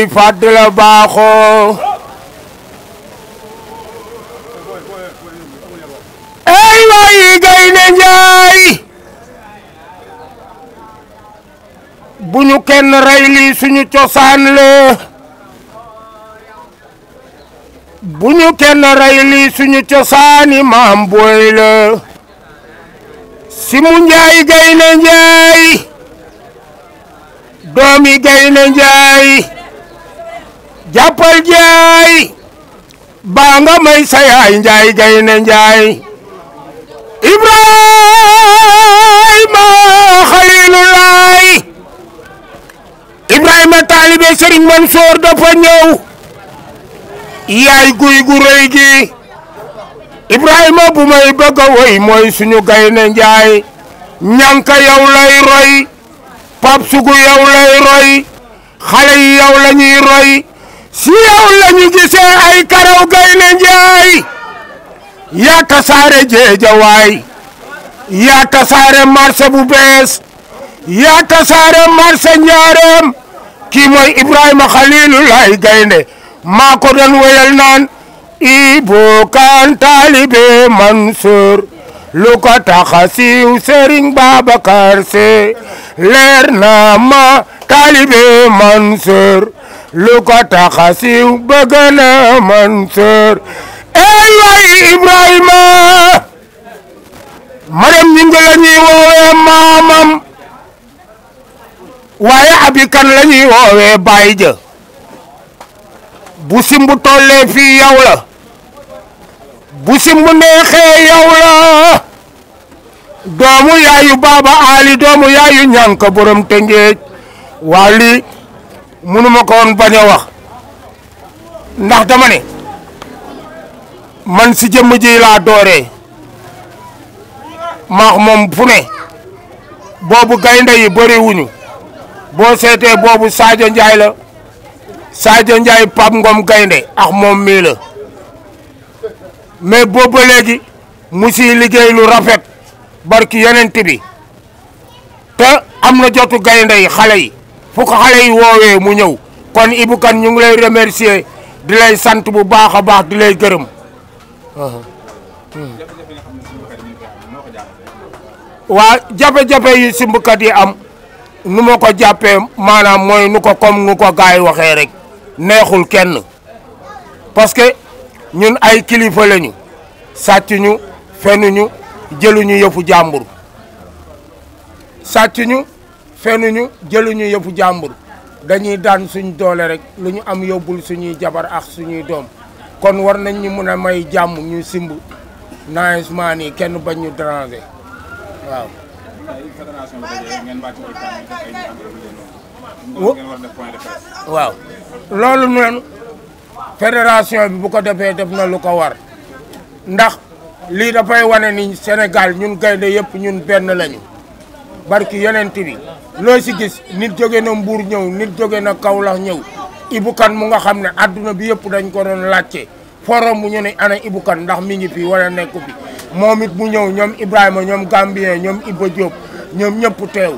koy fàttali baaxoo ey waay Gaynde Njaay bu ñu kenn rey lii suñu cosaan la bu ñu kenn rey lii suñu cosaani maam booy la Simu Njaay Gaynde Njaay doomi Gaynde Njaay jàppal jaay baa nga may sa yaay njaay gaynde njaay ibrahima xaliilulaay ibrahima taalibe sëriñ Mansoor dafa ñëw yaay guy gu rëy gi ibrahima bu may bëgg a woy mooy suñu gaynde njaay ñanka yow lay roy pap sugu yow lay roy xale yi yow roy si yow la ñu gisee ay karaw gaynde njaay yaa tasaare jeejawaay yaa tasaare marché bu bees yaa tasaare marché njaareem kii mooy Ibrahima Khalilulaay gaynde maa ko doon wéyal naan Ibou Kane taalibe Mansour lu ko tax a siiw leer na ma taalibe Mansour lu ko tax a siiw bëgg na Ibrahima madam ñi ngi woowee maamam waaye abi kan woowee baay ja bu simbu tollee fii la bu simbu neexee la doomu yaayu baaba Ali doomu yaayu ñànk borom te ngeej mënuma ko woon wax ndax dama ne man si jëmm ji laa dooree maax moom fu boobu gaynde yi bëri boo seetee boobu saajo Ndiaye la Sadio Ndiaye Pape Ngom gaynde ak moom mii la mais boobu léegi mu siy liggéey lu rafet barki yeneen bi te am na jotu gaynde yi xale yi fu ko xale woowee mu ñëw kon Ibou Kane ñu lay remercier di lay sant bu baax a baax di lay gërëm. waa jafe-jafe yi simbukat yi am nu ma ko jàppee maanaam mooy nu ko comme nu ko gars waxee rek neexul kenn parce que ñun ay kilifa lañu sàccuñu fenuñu jëluñu yëfu jàmbur sàccuñu. fenuñu jëluñu yëfu jàmbur dañuy daan suñ doole rek lu ñu am yóbbul suñuy jabar ak suñuy doom kon war nañ ñu mun a may jàmm ñu simbu nagement nii kenn bañ ñu déranger waaw waaw loolu noonu fédération bi bu ko defee def na lu ko war ndax lii dafay wane ni Sénégal ñun gaynde yëpp ñun benn lañu barki yonent bi loo si gis nit jóge na Mbuur ñëw nit jóge na Kaolack ñëw Ibou Kane mu nga xam ne adduna bi yëpp dañ ko doon laajte forom bu ñu ne ana Ibou Kane ndax mi ngi fi wala nekku fi moom it mu ñëw ñoom Ibrahima ñoom Gambien ñoom Iba Diop ñoom ñëpp teew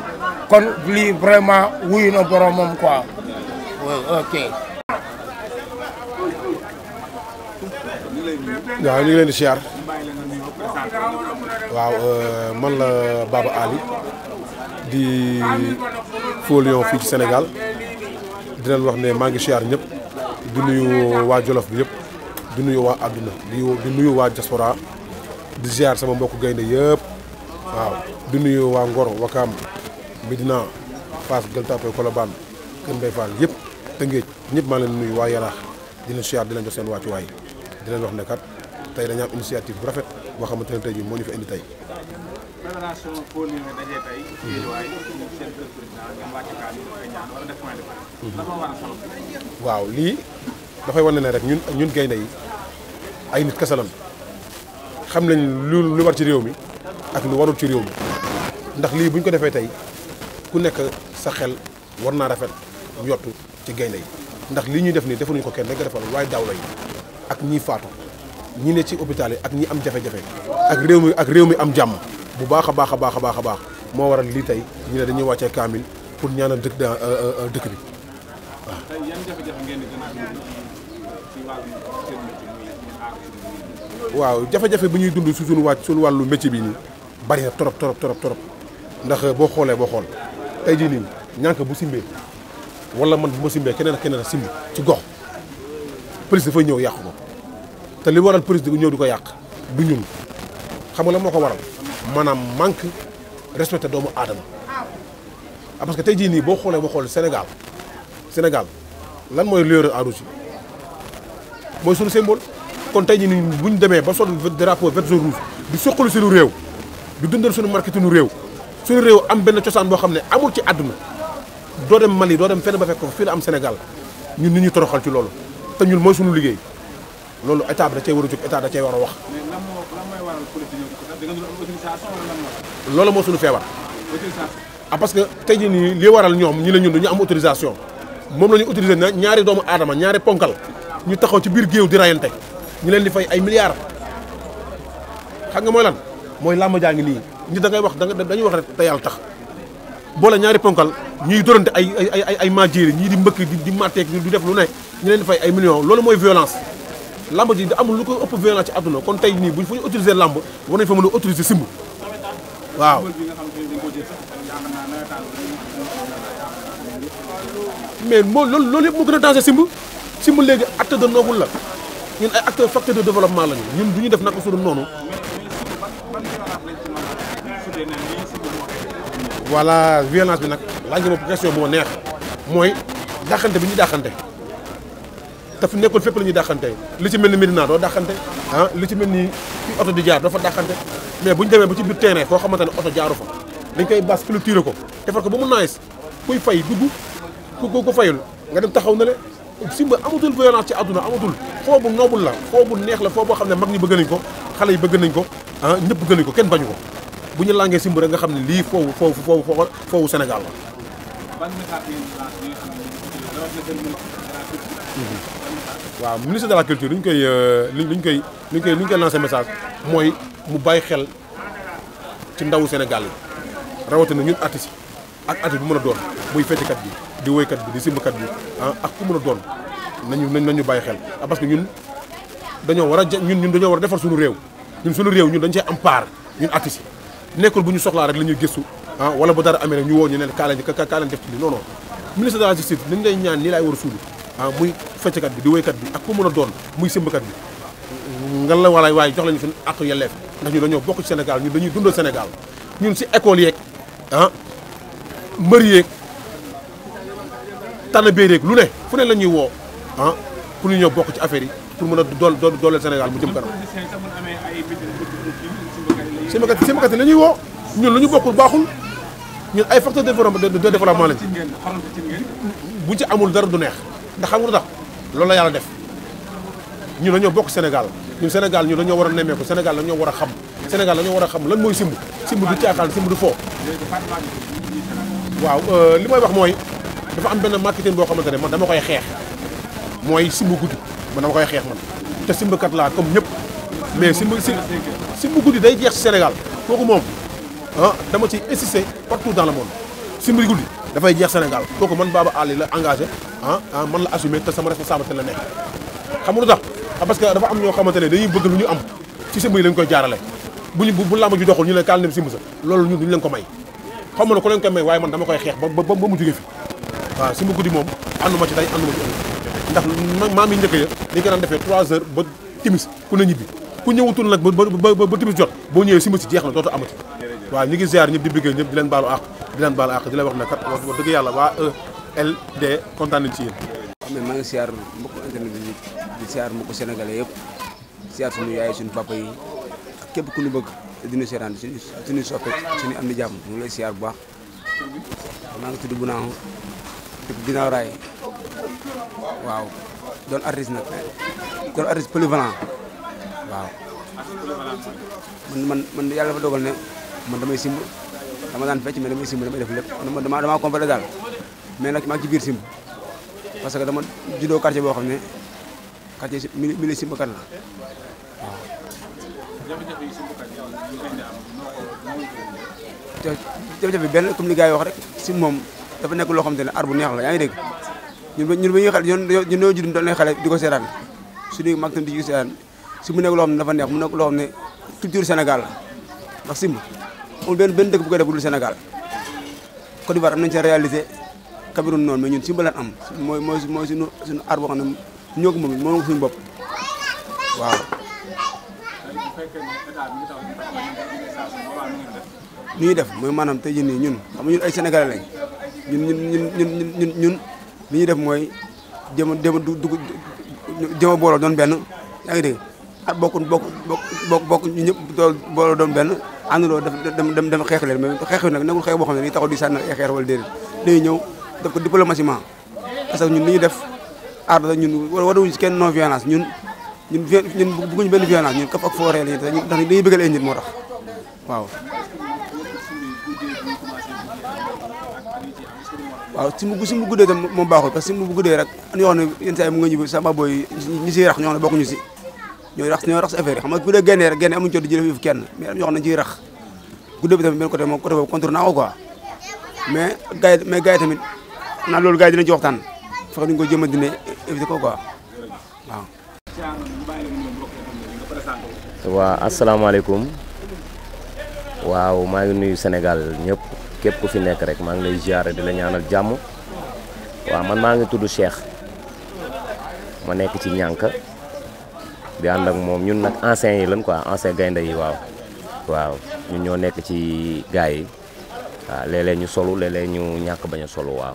kon lii vraiment wuyu na boromam quoi ok. waaw ñu leen di siyaar waaw euh, man la Baba Ali. di faux fii ci Sénégal di leen wax ne maa ngi siyaar ñëpp di nuyu waa Jolof bi yëpp di nuyu waa àdduna di nuyu waa diaspora di siyaar sama mbokk gaynde yëpp waaw di nuyu waa Ngor Wakaam Medina Fass Gueule Tapée Colobane Kër Mbaye Fall yëpp Tëngéej ñëpp maa leen nuyu waa Yaraax di leen siyaar di leen jox seen wàccuwaay di leen wax ne kat tey dañu am initiative bu rafet boo xamante tey jii moo ñu fi indi tey Mhm. waaw lii dafay wane ne rek ñun ñun gaynde yi ay nit kasalam xam nañ lu lu war ci réew mi ak lu warul ci réew mi ndax lii bu ñu ko defee tey ku nekk sa xel war naa rafet yottu ci gaynde yi ndax lii ñuy def nii defuñu ko kenn rek nga defal waaye daaw la yi ak ñiy faatu ñi ne ci hôpital ak ñi am jafe-jafe ak réew mi ak réew mi am jàmm bu baax a baax a baax a baax a baax moo waral lii tey ñu ne dañuy wàccee kaamil pour ñaanal dëkk da euh, euh, euh, dëkk bi waaw. tey jafe-jafe bi ñuy dund si suñu wàcc suñu wàllu métier bi nii bari na trop trop trop ndax boo xoolee boo xool ay jii nii ñànk bu simbee wala man bu ma simbee keneen ak keneen a simb ci gox police dafay ñëw yàq ko te li waral police di ñëw di ko yàq du ñun xam nga la moo ko waral. maanaam manque respecté doomu aadama ah, parce que tey jii nii boo xoolee boo xool Sénégal Sénégal lan mooy lueur à rouge mooy sunu symbole kon tey jii nii bu ñu demee ba sol drapeau vert jaune rouge di soqali sunu réew du dundal sunu marketinu réew sunu réew am benn cosaan boo xam ne amul ci àdduna doo dem Mali doo dem fenn ba fekk fii la am Sénégal ñun nit ñu toroxal ci loolu te ñun mooy sunu liggéey loolu état bi da cee war a jóg état da cee war a wax. loolu moo suñu feebar ah parce te tey jii nii li waral ñoom ñi la ñun ñu am autorisation moom la ñu autorisé na ñaari doomu aadama ñaari ponkal ñu taxaw ci biir géew di rayante ñu leen di fay ay milliards xam nga mooy lan mooy làmb jaa ngi nii ñi da ngay wax dañuy wax rek te yàlla tax boole ñaari ponkal ñuy dorante ay ay ay ay majéeri ñii di mbëkk di di màtteeg di def lu ne ñu leen di fay ay millions loolu mooy violence lamb ji amul lu ko ëpp violence ci àdduna kon tey nii buñ fu ñu autoriser lamb war nañ fa mën a autoriser simb waaw mais moo loolu loolu yëpp moo gën a danger simb simb léegi acteur de noble la ñun ay acteur facteur de développement lañu ñun du ñu def naka suñu noonu voilà violence bi nag laaj nga ma boo neex mooy dàqante bi ñuy dàqante dafa fu nekkul fépp la ñuy dàqante li ci mel ni Médina doo dàqante ah li ci mel ni fi oto di jaar doo fa dàqante mais bu ñu demee ba ci biir terrain foo xamante ne oto jaaru fa dañ koy bas clôturer ko defar ko ba mu naagis kuy fay dugg ku ko ko fayul nga dem taxaw na le Simba amatul violence ci àdduna amatul foo bu noobul la foo bu neex la foo boo xam ne mag ñi bëgg nañ ko xale yi bëgg nañ ko ah ñëpp bëgg nañ ko kenn bañ ko bu ñu langee Simba rek nga xam ne lii foofu foofu foofu foofu Sénégal waaw ministre de la culture li ñu koy euh, li ñu ñu koy li ñu koy lancé message mooy mu bàyyi xel ci ndawu Sénégal yi rawatina ñun artistes yi ak artiste bu mën a doon muy fecckat bi di woykat bi di simbakat bi ah ak ku mën a doon nañu nañu bàyyi xel ah, parce que ñun dañoo war a ñun ñun dañoo a defar suñu réew ñun sunu réew ñun dañ cee am part ñun artistes yi nekkul bu ñu soxlaa rek la ñuy gëstu ah, wala bu dara amee rek ñu woo ñu ne kaa leen kaa leen def ci lii non ministre de la justice nañ lay ñaan nii laay wa a suulu ah, fecckat bi di woykat bi ak ku mën a doon muy simbakat bi nga la war waaye jox lañu fi àq yelleef ndax ñu dañoo bokk ci Sénégal ñu dañuy dundal Sénégal ñun si école ah, mbër yeeg tànnbéy yeeg lu ne fu ne la ñuy woo ah pour ñu ñëw bokk ci affaire yi pour mën a dool dooleel Sénégal mu jëm kanam. simbakat simbakat yi la woo ñun lañu ñu bokkul baaxul ñun ay facteur de développement lañ bu ci amul dara du neex ndax xam nga loolu la yàlla def ñu ñoo bokk Sénégal ñun Sénégal ñu dañoo war a nemmeeku Sénégal ñoo war a xam Sénégal dañoo war a xam lan mooy simb simb du caaxaan simb du foo waaw euh, li may wax mooy dafa am benn marketing boo xamante ne man dama koy xeex mooy simb guddi man dama koy xeex man te simbkat laa comme ñëpp mais simb simb guddi day jeex si Sénégal kooku moom ah, dama ci insister partout dans le monde simb guddi dafay jeex Sénégal kooku man Baba Ali la engagé ah ah man la assumé te sama responsabilité la nekk xam nga lu tax ah, parce que dafa am ñoo xamante ne dañuy bëgg lu ñu am ci sëmb yi lañ koy jaarale buñu bu làmb ji doxul ñu leen kaal dem simb leen ko may xam nga ne leen koy may waaye man dama koy xeex ba ba mu jógee fi waaw simb guddi moom ànduma ci tey ànduma ci ëllëg ndax maam yi njëkk ya dañ ko daan defee 3 heures ba timis ku ne ñibbi ku ñëwutul nag ba ba timis jot boo ñëwee simb si jeex na dootu amati waaw ñu ngi ziar ñëpp di LD kontaan nañ ci yéen. xam ne maa yëpp siyaar suñu yaay suñu papa yi képp ku ñu bëgg dina seeraan suñu suñu soppeek suñu am di jàmm ñu lay siyaar bu baax. maa ngi tudd Bounakho dëkk ginnaaw raay waaw doon artiste nag doon artiste polyvalent waaw. man man man yàlla dogal ne man damay simb dama daan fecc mais damay simb damay def lépp man damaa damaa complété daal. mais nag maa ngi ci biir simb parce que dama juddoo quartier boo xam ne quartier si milieu simbkat la waaw. jafe-jafe benn comme li gars yi wax rek simb moom dafa nekk loo xamante ne ar bu neex la yaa ngi dégg ñun ba ñun ba xale ñun ñun ñoo judd doon nañ xale di ko seetaan nekk loo xam ne dafa neex mu nekk loo xam ne culture Sénégal la ndax simb amul benn benn dëkk bu koy def bu dul Sénégal Côte am nañ seen réalisé. Cameroun noon mais ñun si mbalaan am mooy mooy mooy suñu suñu aar boo moom moom suñu bopp waaw. def mooy maanaam tey jii nii ñun xam ñun ay sénégalais lañ ñun ñun ñun ñun ñun ñuy def mooy jéem a du dugg jéem a booloo doon benn yaa ngi ah, bokk bokk bokk ñu ñëpp booloo benn àndandoo def dem dem xeex leen mais xeex bi nag nekkul xeex boo xam ne dañuy taxaw di sànni ay xeer wala ñëw. def ko diplomatiquement parce que ñun li ñu def aada ñun waruñu si kenn non violence ñun ñun ñun bëgguñu benn violence ñun kaf ak fooree lañu dañuy dañuy bëggal ay nit moo tax waaw. waaw si mu si mu guddee tam moom parce que si mu guddee rek yoo xam ne yenn yi mu nga ñibbi sama booy ñi siy rax ñoo xam ne si ñooy rax ñooy rax si affaire yi xam nga bu dee génnee rek génne amuñu coono ji def yëfu kenn mais am ñoo xam ne ciy rax guddee bi tamit benn côté moom côté boobu contre naa ko quoi mais gars tamit naa loolu gars yi dinañ ci waxtaan fexe duñ ko jëm a dina éviter ko quoi waaw. waaw asalaamaaleykum waaw maa ngi nuyu Sénégal ñëpp képp ku fi nekk rek maa ngi lay ziare di la ñaanal jàmm waaw man maa ngi tudd Cheikh ma nekk ci ñànk bi ànd moom ñun nag anciens yi lañ quoi anciens gaynde yi waaw. ñun ñoo nekk ci gars yi waaw ñu solu léeg ñu ñàkk bañ a solu waaw.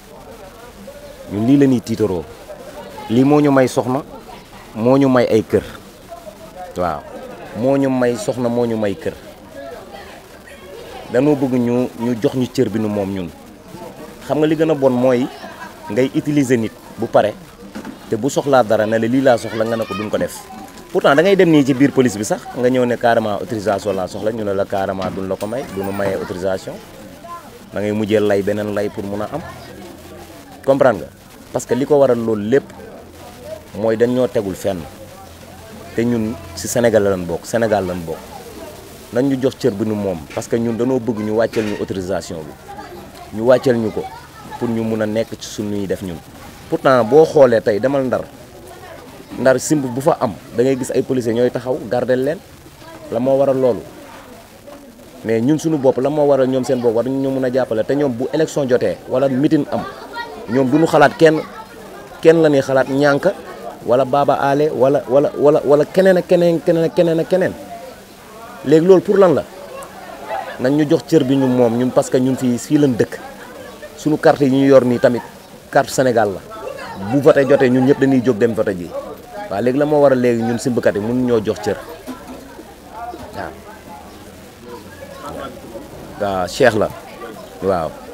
ñun lii la ñuy tiitaroo lii moo ñu may soxna moo ñu may ay kër waaw moo ñu may soxna moo ñu may kër danoo bëgg ñu ñu jox ñu cër bi nu moom ñun xam nga li gën a bon mooy ngay utiliser nit bu pare te bu soxlaa dara ne la lii laa soxla nga ne ko duñ ko def pourtant da ngay dem nii ci biir police bi sax nga ñëw ne carrément autorisation laa soxla ñu ne la carrément duñ la ko may duñu mayee autorisation da ngay mujjee lay beneen lay pour mun a am comprend nga parce que li ko waral loolu lépp mooy dañ ñoo tegul fenn te ñun ci Sénégal lan bokk Sénégal lan bokk nañ ñu jox cër bi nu moom parce que ñun dañoo bëgg ñu wàcceel ñu autorisation bi ñu wàccel ñu ko pour ñu mun a nekk ci suñuy def ñun pourtant boo xoolee tey demal ndar ndar simb bu fa am dangay ngay gis ay policiers ñooy taxaw gardel leen la moo waral loolu mais ñun suñu bopp la moo waral ñoom seen bopp war ñu mun a jàppale te ñoom bu élection jotee wala meeting am ñoom du ñu xalaat kenn kenn la ñuy xalaat ñànk wala Baba Ale wala wala wala wala keneen ak keneen keneen ak keneen ak keneen léegi loolu pour lan la nañ ñu jox cër bi ñu moom ñun parce que ñun fii fii lañ dëkk suñu carte yi ñu yor nii tamit carte Sénégal la bu vote jotee ñun ñëpp dañuy jóg dem vote ji waa léegi la moo war a léegi ñun simbakat yi mun ñoo jox cër waaw waaw Cheikh la waaw